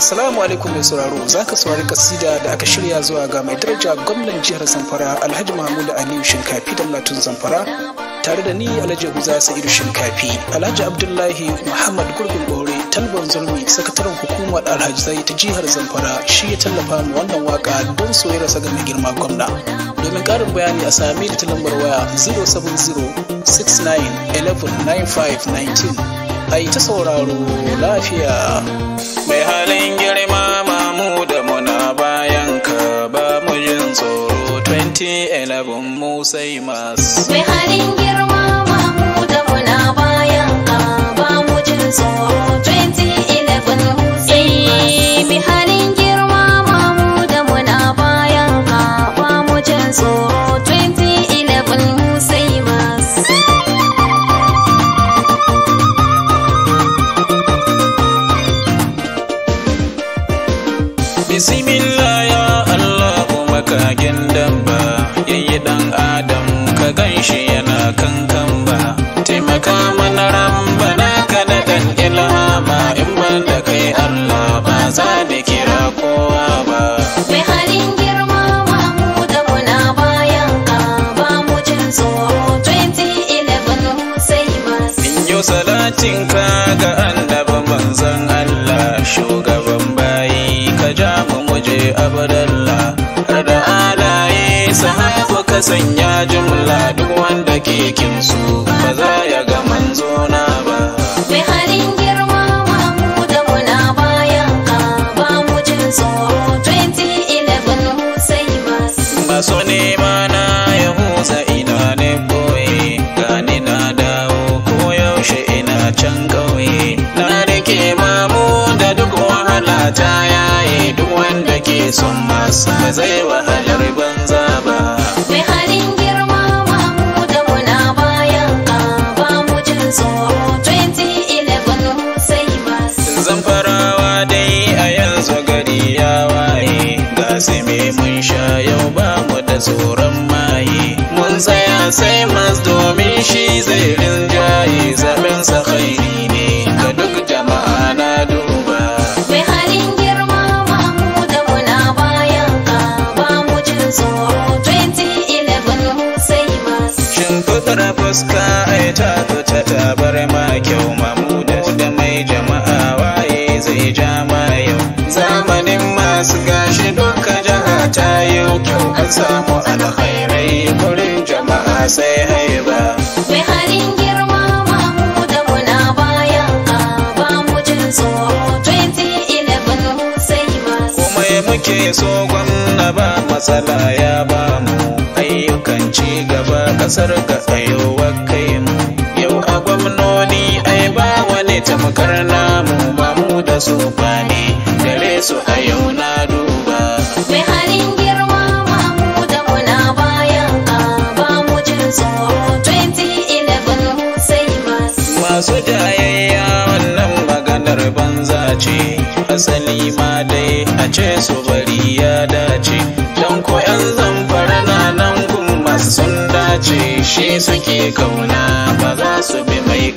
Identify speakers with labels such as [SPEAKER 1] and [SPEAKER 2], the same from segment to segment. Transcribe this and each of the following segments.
[SPEAKER 1] Assalamu alaikum mai sauraro za ka saurari kasida da aka shirya zuwa ga mai daraja gwamnan jihar Zamfara Alhaji Mahmud Aliyu Shinkafi da Latun Zamfara tare da ni Alhaji Abuza Sa'idu Shinkafi Alhaji Abdullahi Muhammad Gurgun Bore Talban Zulmi sakataren hukumar alhaji zayi ta jihar Zamfara shi ya tallafa mu wannan waka don soyayya sa ga mai girma gwamna domin karin bayani a sami da ta lambar waya 070 69 11 95 19 ai ta sauraro lafiya mai halin girma mamu da muna bayan ka ba mu jin tsoro 2011 mu sai masu mai halin
[SPEAKER 2] girma mamu da muna bayan ka ba mu jin tsoro 2011 mu sai masu mai halin girma mamu da muna bayan ka ba mu jin tsoro
[SPEAKER 1] shi sanya jumla duk wanda ke kinsu ba za ya ga manzona ba. Mai
[SPEAKER 2] halin girma mu da muna bayan ka ba mu jin tsoro 2011 mu sai masu. ne nema na ya musa ina ne boye
[SPEAKER 1] ne na dawo ko yaushe ina can ƙauye. Na rike mamu da duk wahala ta yaye duk wanda ke son masu ba zai wahala. sai mas domin shi zai rinjaye zaben sa khairi ne ga duk jama'a na duba
[SPEAKER 2] mai halin girma mamu da muna bayan ka ba mu jin tsoro 2011 mu sai mas
[SPEAKER 1] shin fuska ai ta ta bar ma kyau mamu da mai jama'a waye zai ja ma yau zamanin masu gashi duka jaha ta yau kyau an samu alkhairai sai haiba.
[SPEAKER 2] girma mamu da bayan ka ba mu sai masu. muke so gwamna
[SPEAKER 1] ba matsala ya ba mu ayyukan ci gaba kasar ga tsayowar kai mu. Yau a gwamnoni ai ba wani tamkar namu ba mu da su ne gare su a yau na duba. Mai ce su bari ya dace don ko 'yan zamfara na nan gummas sun dace shi suke kauna ba za su bi mai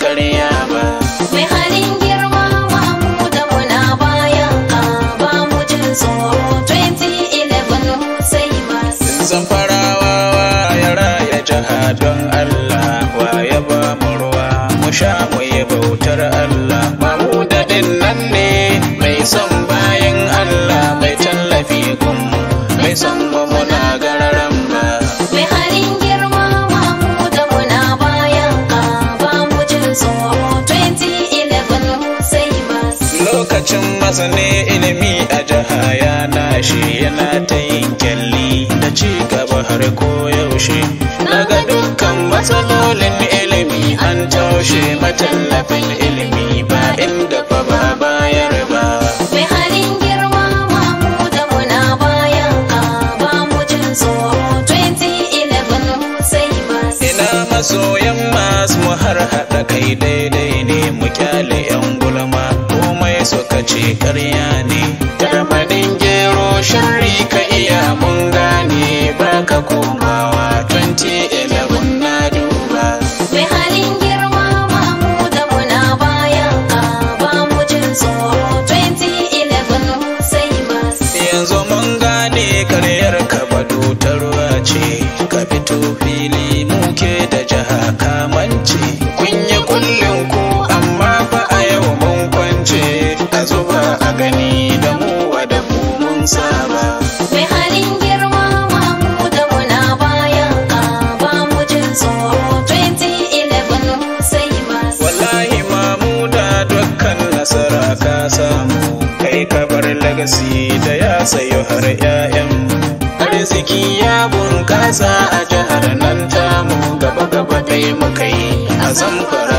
[SPEAKER 1] ɗaya muka yi a zan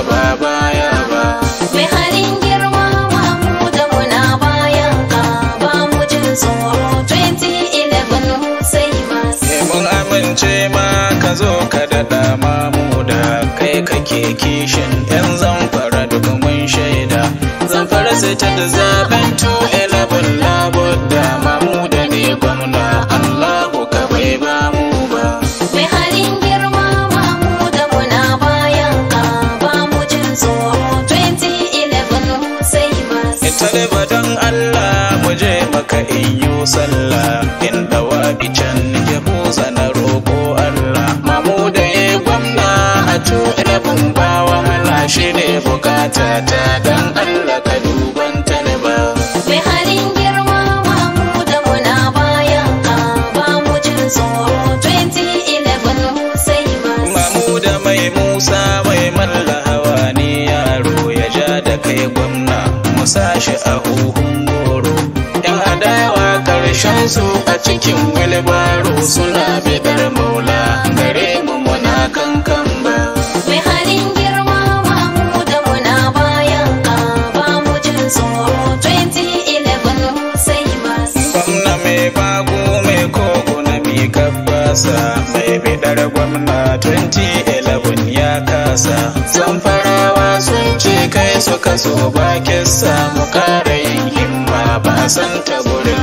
[SPEAKER 1] ba baya ba
[SPEAKER 2] mai halin girma ba mu da muna bayan ka ba mu jin tsoro 2011 sai masu mun
[SPEAKER 1] amince ma ka zo ka daɗa mu da kai ke kishin yan zamfara duka mun shaida zamfara sai ta da zaben ba don Allah mu je maka in yi sallah in dawa can ya busa na roƙo Allah mamu da ya gwamna a tu bawa wahala shi ne bukata ta shamsu a cikin wilbaro suna bidar maula gare mu muna kankan ba.
[SPEAKER 2] Mai halin girma mu da muna bayan ka ba mu jin tsoro 2011 sai masu. Gwamna mai bago mai
[SPEAKER 1] kogo na mi gabasa mai bidar gwamna 2011 ya kasa. Zamfarawa sun ce kai suka so bakin mu kara yin himma ba san taburin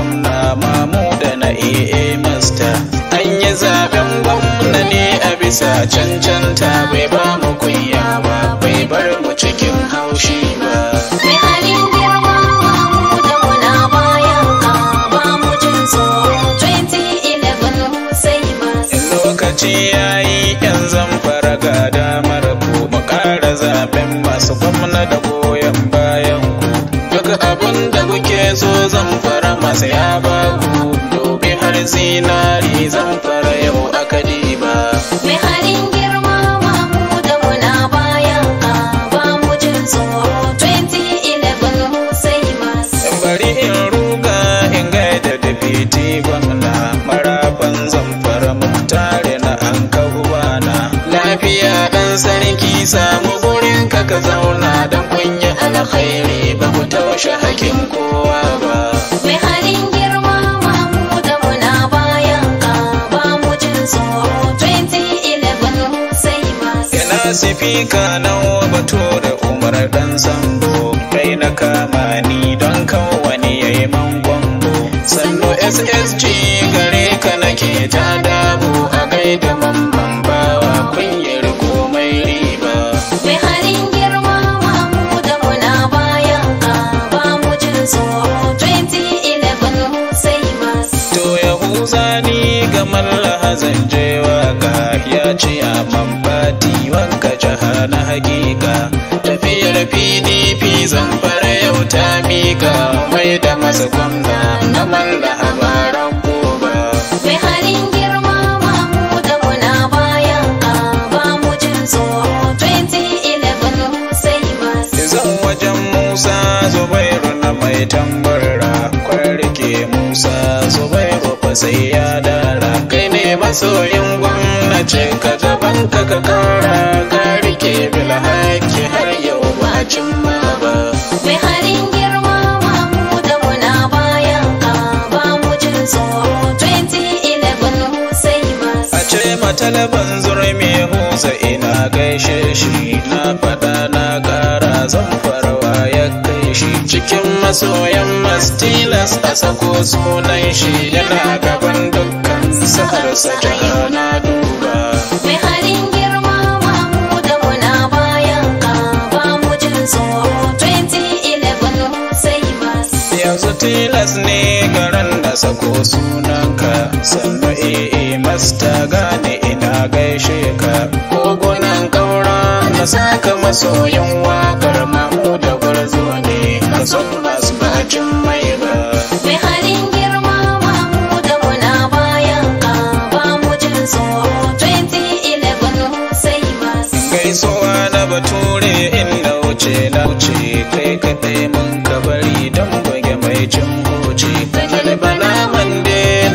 [SPEAKER 1] samu gurin ka ka zauna da kunya alkhairi ba ku taushe hakin kowa ba
[SPEAKER 2] mai halin girma Mahmuda muna bayan ka ba mu jin tsoro 2011 sai masu yana
[SPEAKER 1] sifika na bato da umar dan sambo kai na kama ni don kawo wani yayi mangon sannu ssg gare ka nake ta damu a gaida mamba. zan je waka ya ce a mamfati wanka jaha na hakika tafiyar pdp zan fara yau ta mika mai da masa gwamna na malla habaran gobe
[SPEAKER 2] mai halin girma mamu da muna bayan ka ba jin tsoro 2011 sai masu
[SPEAKER 1] zan wajen musa zubairu na mai tambarra kwarrike musa zubairu fa sai ya dara masoyin ce ka daban ka ka kara ka rike bil
[SPEAKER 2] haƙƙi har yau ba ma ba. Mai halin girma ma mu da muna bayan ka ba mu jin tsoro 2011 Hussein Bas. A ce
[SPEAKER 1] matalaban zurmi Husa ina gaishe shi na faɗa na ƙara zan farwa ya kai shi cikin masoyan mastilas a sako sunan shi yana gaban duk sa'arsa ta na duba
[SPEAKER 2] mai halin girma mamu da muna bayan ka ba mu jin tsoro 2011 sai mas
[SPEAKER 1] yanzu tilas ne garin da sako sunanka sannu ee masta gane ina gaishe ka kogunan kaura na
[SPEAKER 2] saka masoyin wakar ma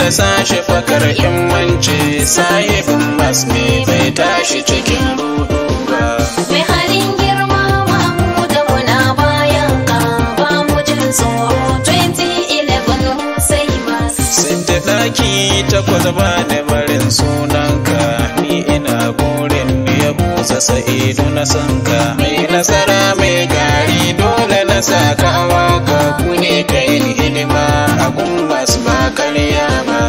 [SPEAKER 1] na sashi fakar himmanci
[SPEAKER 2] sahibin mas ne bai tashi cikin rudu ba. Mai halin girma mamu da muna bayan ka ba mu jin tsoro 2011 sai mas.
[SPEAKER 1] Sinta ɗaki takwas ba da barin sunanka ni ina gurin ya busa sa'idu na sanka. Mai nasara mai gari dole na saka waka kune. hidima abun masu ba karya ba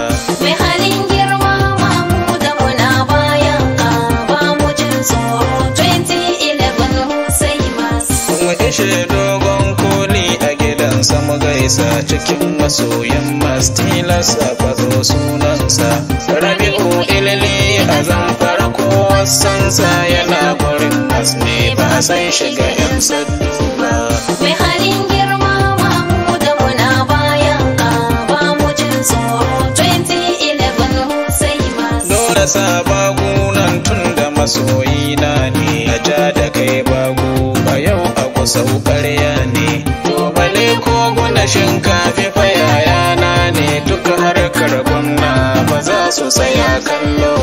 [SPEAKER 2] mai halin girma mamu da muna bayan ka ba mu jin tsoro 2011 hussein masu
[SPEAKER 1] mu ishe dogon koli a gidan mu gaisa cikin masoyan masu a fazo sunansa rabi'u ilili a zamfara ko wasansa yana gurin ne, ba sai shiga yan saddu ba
[SPEAKER 2] mai halin girma
[SPEAKER 1] sa bagunan tun da masoyina ne A ja da kai bagu a yau a kusa ƙarya ne tobale koguna shinkafi yayana ne duk harkar gwamna ba za su saya kallo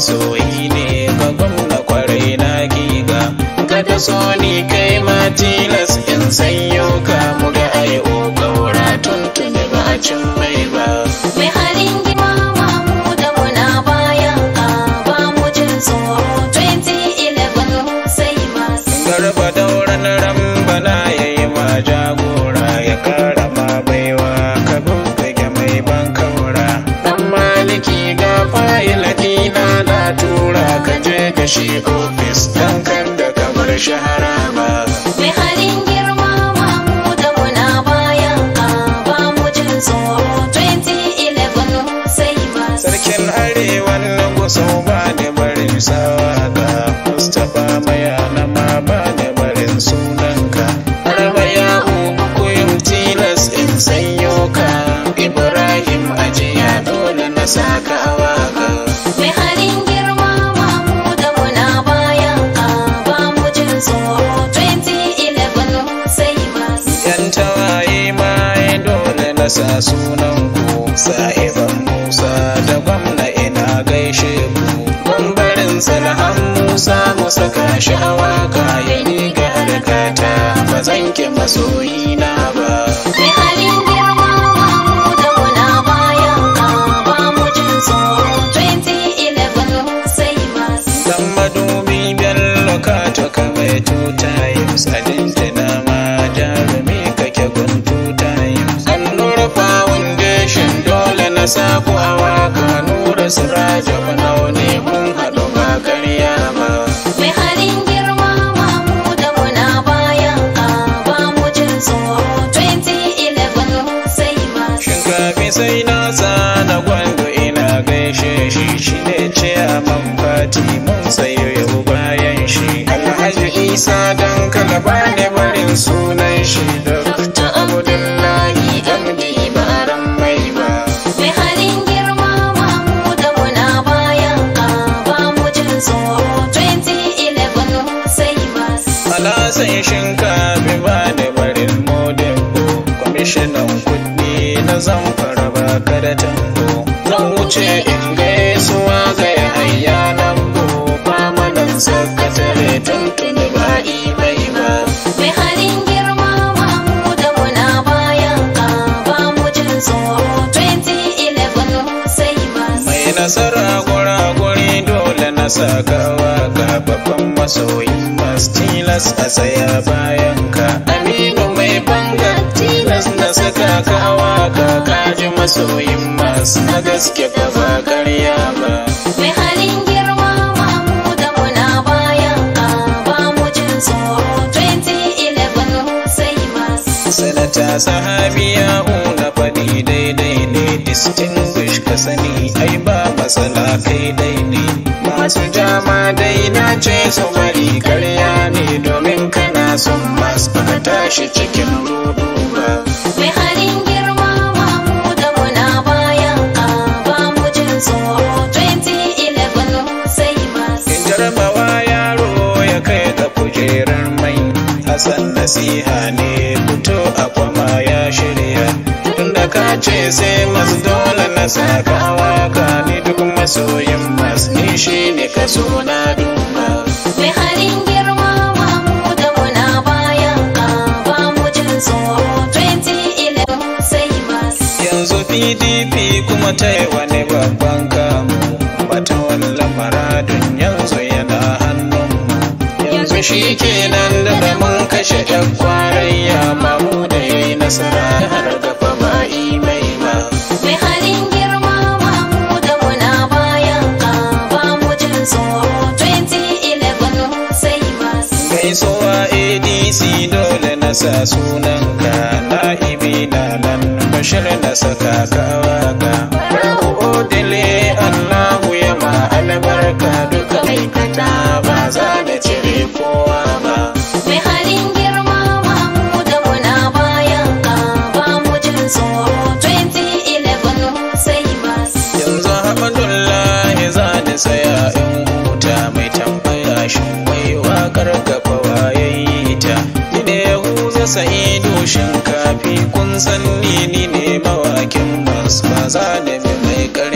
[SPEAKER 1] masoyi ne ga gwamna kwarai na giga kada so ni kai ma tilas in sanyo ka muga ai o gaura tuntuni ba a cin mai
[SPEAKER 2] ka a mai halin girma ma mu da muna bayan ka bamu mu jin tsoro 2011 mu sai yan
[SPEAKER 1] tawaye ma ya dole na sa sunan ku musa da gwamna ina gaishe ku mun barin salahan musa masaka saka shi a waka ya riga ga harkata ba zan ki masoyina ba see nasara guraguri dole na sakawa ga babban masoyi masu tilas a tsaya bayan ka aminu mai banga tilas na saka kawa ka kaji masoyin masu na gaske gaba karya ba
[SPEAKER 2] mai halin girma bayan ka ba mu 2011 masu
[SPEAKER 1] sanata sahabiya una faɗi daidai ne distinguish ka sani ai ba matsala kai dai ne masu jama dai na ce su bari karya ne domin kana son masu ka cikin rudu
[SPEAKER 2] ba mai halin girma mamu da muna bayan ka ba mu jin tsoro 2011 sai masu jarabawa yaro
[SPEAKER 1] ya kai ga kujerar mai hasan nasiha ne fito a kwama ya shirya tunda kace ce sai masu dole na saka waka masoyin mas ni shi ne na duba
[SPEAKER 2] mai halin girma ma mu da muna bayan ka ba jin tsoro 2011 sai mas
[SPEAKER 1] yanzu pdp kuma ta yi wani babban kamu bata wallan maradun yanzu yana hannun yanzu shi kenan da mun kashe yan kwarayya mamu da ya yi nasara har da sunanka da nan bashir da saka kawaka odile allahu ya ma albarka duka aikata ba za shinkafi kun san ni ne mawakin bas ba za mai kai